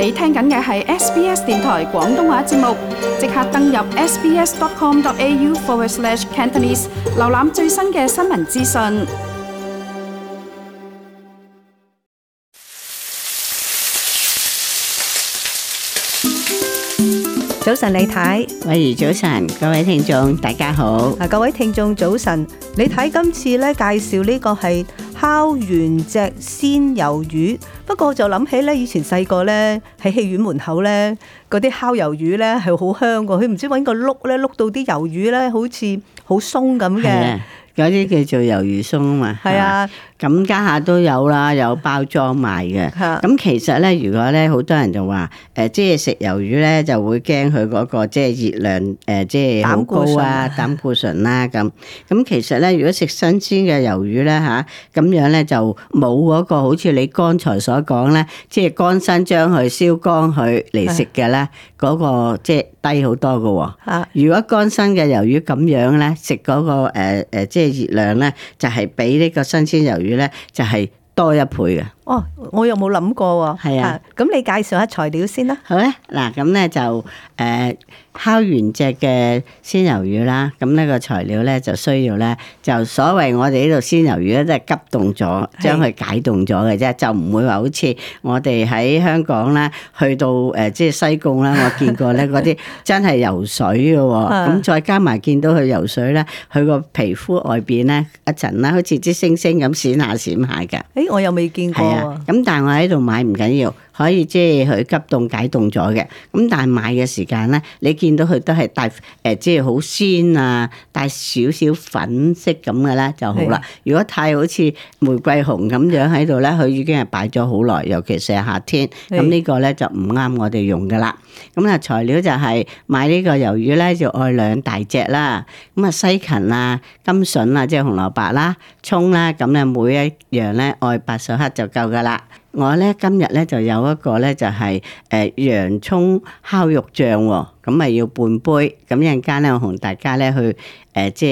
你聽緊嘅係 SBS 電台廣東話節目，即刻登入 sbs.com.au/cantonese 瀏覽最新嘅新聞資訊。早晨，李太，喂，早晨，各位聽眾，大家好。啊，各位聽眾，早晨。你睇今次咧介紹呢個係，烤完隻鮮魷魚，不過就諗起咧，以前細個咧喺戲院門口咧，嗰啲烤魷魚咧係好香噶，佢唔知揾個碌咧碌到啲魷魚咧，好似好鬆咁嘅。有啲叫做魷魚鬆啊嘛，係啊，咁家下都有啦，有包裝賣嘅。咁、啊、其實咧，如果咧，好多人就話，誒，即係食魷魚咧，就會驚佢嗰個即係熱量，誒，即係好高啊，膽固醇啦、啊、咁、啊。咁、啊、其實咧，如果食新鮮嘅魷魚咧，吓，咁、就是啊、樣咧就冇嗰個，好似你剛才所講咧，即係乾身將佢燒乾佢嚟食嘅咧，嗰個即係低好多噶。如果乾身嘅魷魚咁樣咧，食嗰個誒誒，即係。熱量咧，就係俾呢個新鮮魷魚咧，就係、是。多一倍啊，哦，我又冇諗過喎。係啊的，咁你介紹下材料先啦。好咧，嗱，咁咧就誒烤、呃、完隻嘅鮮魷魚啦。咁呢個材料咧就需要咧，就所謂我哋呢度鮮魷魚咧都係急凍咗，將佢解凍咗嘅啫，的就唔會話好似我哋喺香港咧去到誒、呃、即係西貢啦，我見過咧嗰啲真係游水嘅喎。咁 再加埋見到佢游水咧，佢個皮膚外邊咧一層咧，好似啲星星咁閃下閃下嘅。 我又未見過是，咁但我在這裡係我喺度買唔緊要。可以即係佢急凍解凍咗嘅，咁但係買嘅時間咧，你見到佢都係帶誒即係好鮮啊，帶少少粉色咁嘅咧就好啦。是如果太好似玫瑰紅咁樣喺度咧，佢已經係擺咗好耐，尤其是係夏天，咁是呢個咧就唔啱我哋用噶啦。咁、嗯、啊材料就係買呢個魷魚咧，就愛兩大隻啦。咁、嗯、啊西芹啊、甘筍啊、即、就、係、是、紅蘿蔔啦、啊、葱啦、啊，咁咧每一樣咧愛八十克就夠噶啦。我咧今日咧就有一個咧就係，是，誒，呃，洋葱烤肉醬喎，哦，咁咪要半杯。咁一陣間咧我同大家咧去誒，呃、即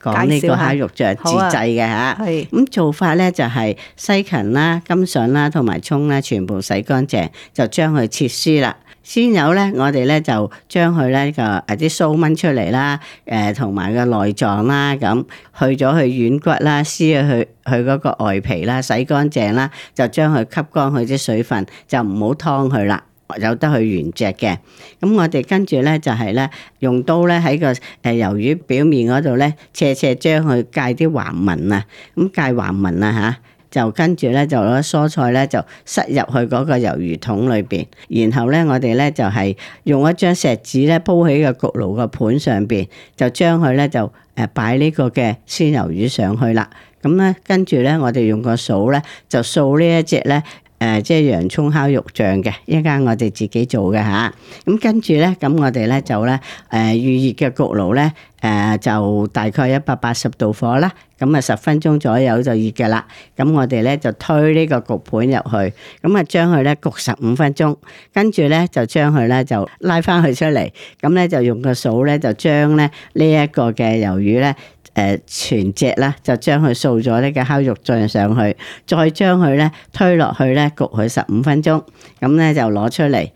係講呢個烤肉醬自製嘅吓。咁、啊啊、做法咧就係，是，西芹啦、金筍啦、同埋葱啦，全部洗乾淨，就將佢切絲啦。先有咧，我哋咧就將佢咧、嗰個誒啲鬚掹出嚟啦，誒同埋個內臟啦，咁去咗佢軟骨啦，撕咗佢佢嗰個外皮啦，洗乾淨啦，就將佢吸乾佢啲水分，就唔好劏佢啦，由得佢原隻嘅。咁我哋跟住咧就係咧，用刀咧喺個誒魷魚表面嗰度咧，斜斜將佢戒啲橫紋啊，咁戒橫紋啊嚇。就跟住咧，就攞蔬菜咧，就塞入去嗰個魷魚筒裏邊，然後咧，我哋咧就係、是、用一張錫紙咧鋪喺個焗爐個盤上邊，就將佢咧就誒擺呢個嘅鮮魷魚上去啦。咁咧，跟住咧，我哋用個掃咧就掃呢一隻咧。誒、呃、即係洋葱烤肉醬嘅一間，我哋自己做嘅吓，咁、啊、跟住咧，咁我哋咧就咧誒、呃、預熱嘅焗爐咧，誒、呃、就大概一百八十度火啦。咁啊十分鐘左右就熱嘅啦。咁我哋咧就推呢個焗盤入去，咁啊將佢咧焗十五分鐘。跟住咧就將佢咧就拉翻佢出嚟。咁咧就用個掃咧就將咧呢一、這個嘅魷魚咧。呃、全隻啦，就將佢掃咗呢個烤肉醬上去，再將佢咧推落去咧焗佢十五分鐘，咁咧就攞出嚟，誒、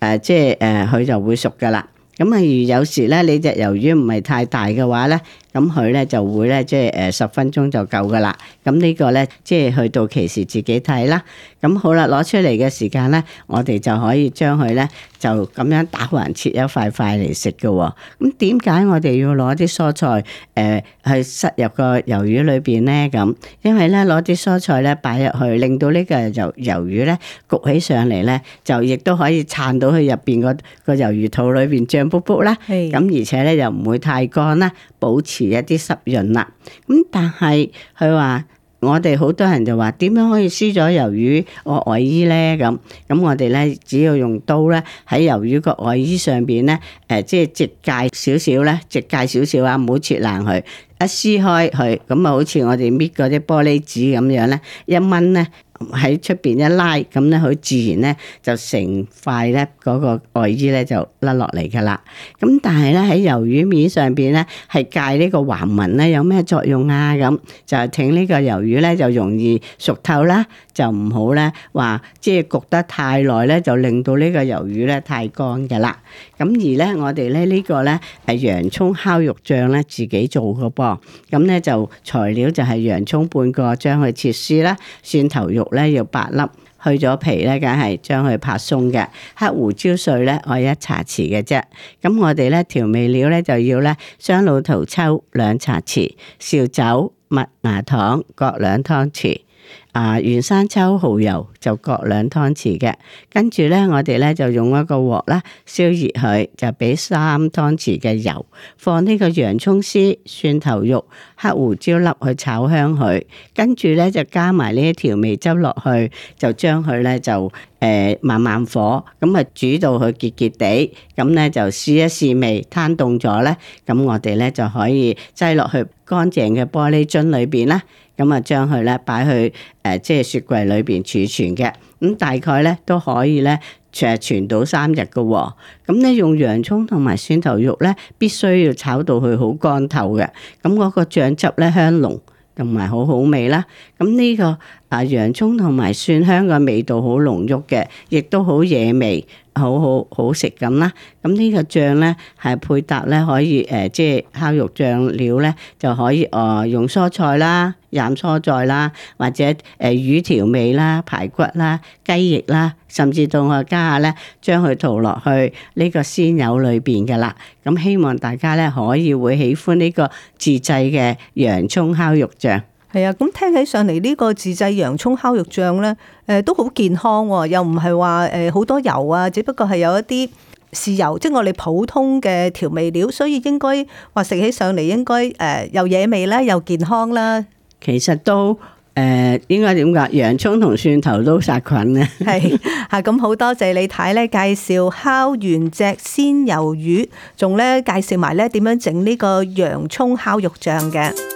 呃、即係誒佢就會熟㗎喇。咁啊，如有時咧你隻魷魚唔係太大嘅話咧。咁佢咧就會咧即係誒十分鐘就夠㗎啦。咁呢個咧即係去到其時自己睇啦。咁好啦，攞出嚟嘅時間咧，我哋就可以將佢咧就咁樣打橫切一塊塊嚟食嘅。咁點解我哋要攞啲蔬菜誒去塞入個魷魚裏邊咧？咁因為咧攞啲蔬菜咧擺入去，令到呢個魷魷魚咧焗起上嚟咧，就亦都可以撐到佢入邊個個魷魚肚裏邊脹卜卜啦。係。咁而且咧又唔會太乾啦，保持，一啲濕潤啦，咁但係佢話我哋好多人就話點樣可以撕咗魷魚個外衣咧？咁咁我哋咧只要用刀咧喺魷魚個外衣上邊咧，誒即係直界少少咧，直界少少啊，唔好切爛佢，一撕開佢咁啊，好似我哋搣嗰啲玻璃紙咁樣咧，一掹咧。喺出邊一拉，咁咧佢自然咧就成塊咧嗰個外衣咧就甩落嚟噶啦。咁但係咧喺魷魚面上邊咧，係介呢個橫紋咧有咩作用啊？咁就係令呢個魷魚咧就容易熟透啦，就唔好咧話即係焗得太耐咧，就令到呢個魷魚咧太乾噶啦。咁而咧我哋咧呢個咧係洋葱烤肉醬咧自己做個噃。咁咧就材料就係洋葱半個，將佢切絲啦，蒜頭肉。要八粒，去咗皮咧，梗係將佢拍鬆嘅，黑胡椒碎咧，我一茶匙嘅啫。咁我哋咧調味料咧就要咧雙老頭抽兩茶匙，紹酒麥芽糖各兩湯匙。啊，原生抽蠔油就各兩湯匙嘅，跟住咧，我哋咧就用一個鑊啦，燒熱佢，就俾三湯匙嘅油，放呢個洋葱絲、蒜頭肉、黑胡椒粒去炒香佢，跟住咧就加埋呢啲調味汁落去，就將佢咧就誒、呃、慢慢火咁啊煮到佢結結地，咁咧就試一試味，攤凍咗咧，咁我哋咧就可以擠落去乾淨嘅玻璃樽裏邊啦。咁啊，將佢咧擺去誒，即係雪櫃裏邊儲存嘅。咁大概咧都可以咧誒，存到三日嘅、哦。咁、嗯、呢用洋葱同埋蒜頭肉咧，必須要炒到佢好乾透嘅。咁、嗯、嗰、嗰個醬汁咧香濃同埋好好味啦。咁、嗯、呢、呢個。啊！洋葱同埋蒜香嘅味道好濃郁嘅，亦都好惹味，好好好食咁啦。咁呢個醬呢，係配搭呢可以誒、呃，即係烤肉醬料呢，就可以誒、呃、用蔬菜啦、醃蔬菜啦，或者誒、呃、魚調味啦、排骨啦、雞翼啦，甚至到我家下呢，將佢塗落去呢個鮮魷裏邊嘅啦。咁希望大家呢，可以會喜歡呢個自製嘅洋葱烤肉醬。係啊，咁聽起上嚟，呢個自製洋蔥烤肉醬呢，誒、呃、都好健康，又唔係話誒好多油啊，只不過係有一啲豉油，即係我哋普通嘅調味料，所以應該話食起上嚟應該誒、呃、又惹味啦，又健康啦。其實都誒、呃、應該點噶？洋蔥同蒜頭都殺菌啊。係 啊，咁好多謝你睇呢介紹烤完隻鮮魷魚，仲呢介紹埋呢點樣整呢個洋蔥烤肉醬嘅。